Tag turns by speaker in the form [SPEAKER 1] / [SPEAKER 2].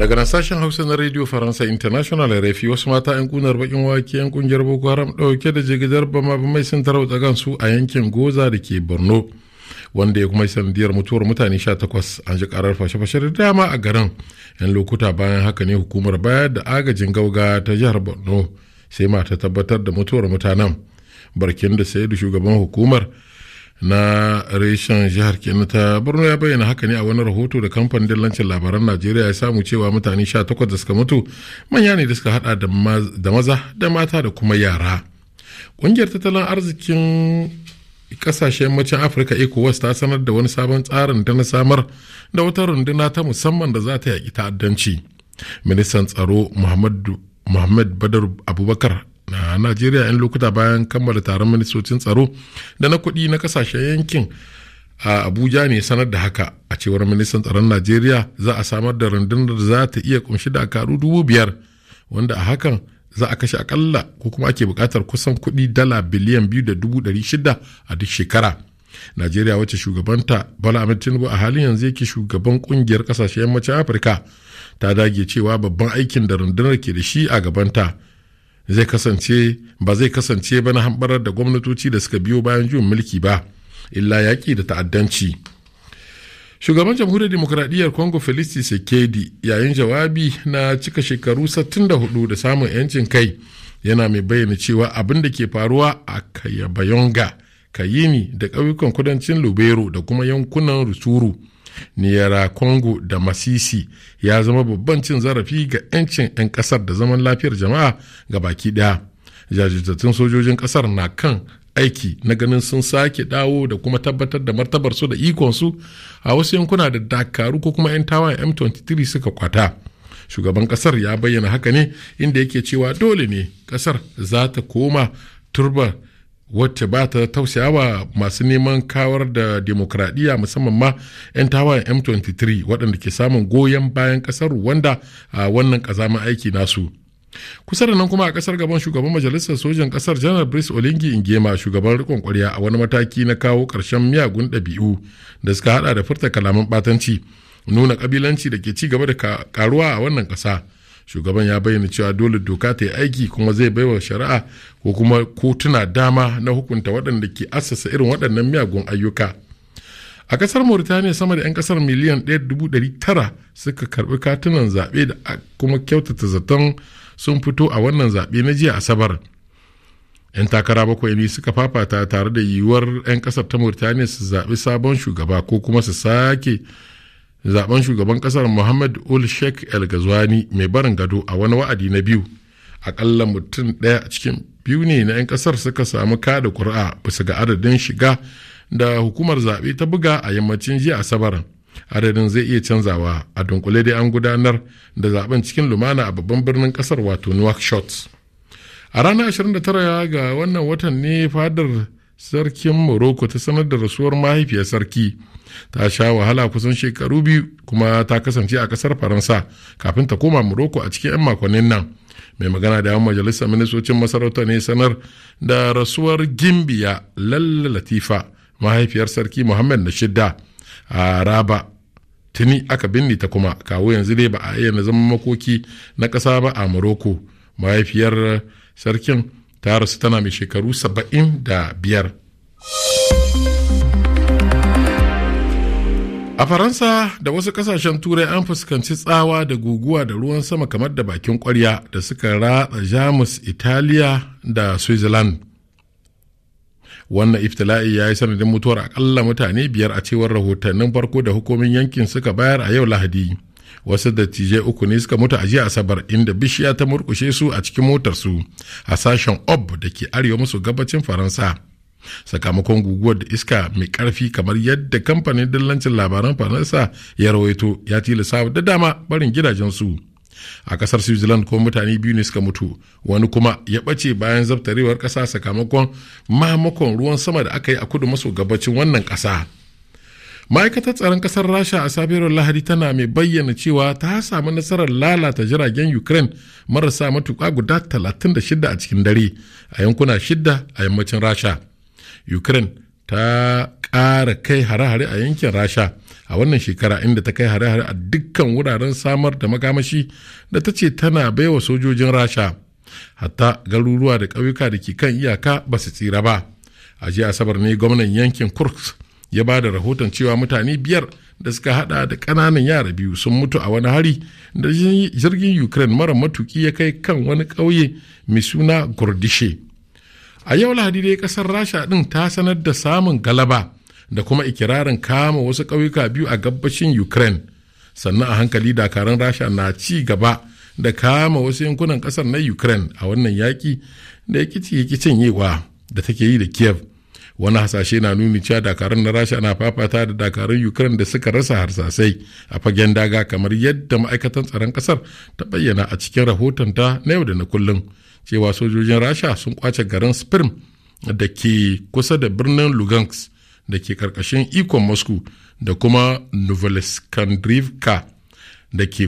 [SPEAKER 1] daga nan sashen hausa na radio faransa international rafi wasu mata 'yan kunar bakin wake 'yan kungiyar boko haram dauke da jigilar bama mai sun tarauta kansu a yankin goza da ke borno wanda ya kuma sanadiyar mutuwar mutane sha 18 an ji karar fashe-fashe da dama a garin yan lokuta bayan haka ne hukumar bayar da agajin gauga ta jihar borno sai mata tabbatar da mutuwar mutanen barkin da sai da shugaban hukumar na reshen jihar kenan ta borno ya bayyana haka ne a wani rahoto da kamfanin dillancin labaran najeriya ya samu cewa mutane 18 da suka mutu manya ne da suka hada da maza da mata da kuma yara ƙungiyar tattalin arzikin kasashen macin afirka ecowas ta sanar da wani sabon tsarin da na samar da wata runduna ta musamman da za ta yaƙi ta'addanci ministan tsaro muhammad badar abubakar a najeriya 'yan lokuta bayan kammala taron ministocin tsaro da na kuɗi na kasashen yankin a abuja ne sanar da haka a cewar ministan tsaron najeriya za a samar da rundunar za ta iya kunshi dakaru dubu biyar wanda a hakan za a kashe akalla ko kuma ake buƙatar kusan kuɗi dala biliyan biyu da dubu ɗari shida a duk shekara najeriya wacce shugabanta bala ahmed tinubu a halin yanzu yake shugaban kungiyar kasashen yammacin afirka ta dage cewa babban aikin da rundunar ke da shi a gabanta zai kasance ba zai kasance ba na hambarar da gwamnatoci da suka biyo bayan juyin mulki ba illa yaƙi da ta'addanci shugaban jamhuriyar demokuraɗiyyar congo felisti sekedi yayin jawabi na cika shekaru 64 da samun 'yancin kai yana mai bayyana cewa abin da ke faruwa a kayabayonga kayini da ƙauyukan kudancin lubero da kuma yankunan rusuru niyara congo da masisi ya zama babban cin zarafi ga 'yancin 'yan kasar da zaman lafiyar jama'a ga baki daya jajirtattun sojojin kasar na kan aiki na ganin sun sake dawo da kuma tabbatar da martabarsu da ikonsu a wasu yankuna da dakaru ko kuma 'yan tawa m23 suka kwata shugaban kasar ya bayyana haka ne inda yake cewa dole ne kasar za ta koma turba wacce ba ta tausayawa masu neman kawar da demokradiyya musamman ma 'yan tawayen m23 waɗanda ke samun goyon bayan ƙasar wanda a wannan ƙazamin aiki nasu kusa da nan kuma a ƙasar gaban shugaban majalisar sojan ƙasar janar brice olingi ingema shugaban rikon kwarya a wani mataki na kawo ƙarshen miyagun ɗabi'u da suka haɗa da furta kalaman ɓatanci nuna ƙabilanci da ke ci gaba da karuwa a wannan ƙasa shugaban ya bayyana cewa dole doka ta yi aiki kuma zai baiwa shari'a ko kuma kotuna dama na hukunta waɗanda ke assasa irin waɗannan miyagun ayyuka a ƙasar mauritaniya sama da 'yan ƙasar miliyan 1,900 suka karɓi katunan zaɓe da kuma kyautata zaton sun fito a wannan zaɓe na jiya asabar 'yan takara bakwai ne suka fafata tare da yiwuwar 'yan ƙasar ta mauritaniya su zaɓi sabon shugaba ko kuma su sake zaben shugaban kasar muhammad ul sheikh el gazwani mai barin gado a wani wa'adi na biyu akalla mutum ɗaya a cikin biyu ne na 'yan kasar suka samu kada kuri'a bisa ga adadin shiga da hukumar zaɓe ta buga a yammacin jiya asabar adadin zai iya canzawa a dunkule dai an gudanar da zaben cikin lumana a babban birnin kasar wato nouakchott a ranar 29 ga wannan watan ne fadar sarkin morocco ta sanar da rasuwar mahaifiyar sarki ta sha wahala kusan shekaru biyu kuma ta kasance a kasar faransa kafin ta koma morocco a cikin 'yan makonnin nan mai magana da yawan majalisar ministocin masarauta ne sanar da rasuwar gimbiya lalla latifa mahaifiyar sarki muhammad na shidda a raba tuni aka binne ta kuma kawo yanzu dai ba a iya na zama makoki na ƙasa ba a morocco mahaifiyar sarkin ta rasu tana mai shekaru saba'in da biyar. a faransa da wasu kasashen turai an fuskanci tsawa da guguwa da ruwan sama kamar da bakin kwarya da suka ratsa jamus italiya da switzerland wannan iftila'i ya yi sanadin mutuwar akalla mutane biyar a cewar rahotannin farko da hukumin yankin suka bayar a yau lahadi wasu dattijai uku ne suka mutu a jiya asabar inda bishiya ta murkushe su a cikin motarsu a sashen ob da ke arewa maso gabacin faransa sakamakon guguwar da iska mai karfi kamar yadda kamfanin dillancin labaran faransa ya rawaito ya tilasa da dama barin gidajensu a kasar switzerland ko mutane biyu ne suka mutu wani kuma ya ɓace bayan zabtarewar ƙasa sakamakon mamakon ruwan sama da aka yi a kudu maso gabacin wannan ƙasa. ma'aikatar tsaron kasar rasha a safiyar lahadi tana mai bayyana cewa ta samu nasarar lalata jiragen ukraine marasa matuƙa guda 36 a cikin dare a yankuna shida a yammacin rasha ukraine ta ƙara kai hare-hare a yankin rasha a wannan shekara inda ta kai hare-hare a dukkan wuraren samar da makamashi da ta ce tana baiwa sojojin rasha hatta garuruwa da ƙauyuka da ke kan iyaka ba su tsira ba a asabar ne gwamnan yankin kursk ya ba da rahoton cewa mutane biyar da suka hada da ƙananan yara biyu sun mutu a wani hari da jirgin ukraine mara matuki ya kai kan wani ƙauye mai suna gurdishe a yau lahadi dai kasar rasha din ta sanar da samun galaba da kuma ikirarin kama wasu ƙauyuka biyu a gabashin ukraine sannan a hankali dakarun rasha na ci gaba da kama wasu yankunan kasar na ukraine a wannan yaki da ya kici yi da take yi da kiev wani hasashe na nuni cewa dakarun na rasha na fafata da dakarun ukraine da suka rasa harsasai a fagen daga kamar yadda ma'aikatan tsaron kasar ta bayyana a cikin rahoton ta na yau da na kullum cewa sojojin rasha sun kwace garin spirm da ke kusa da birnin lugansk da ke karkashin ikon moscow da kuma novoskandrivka da ke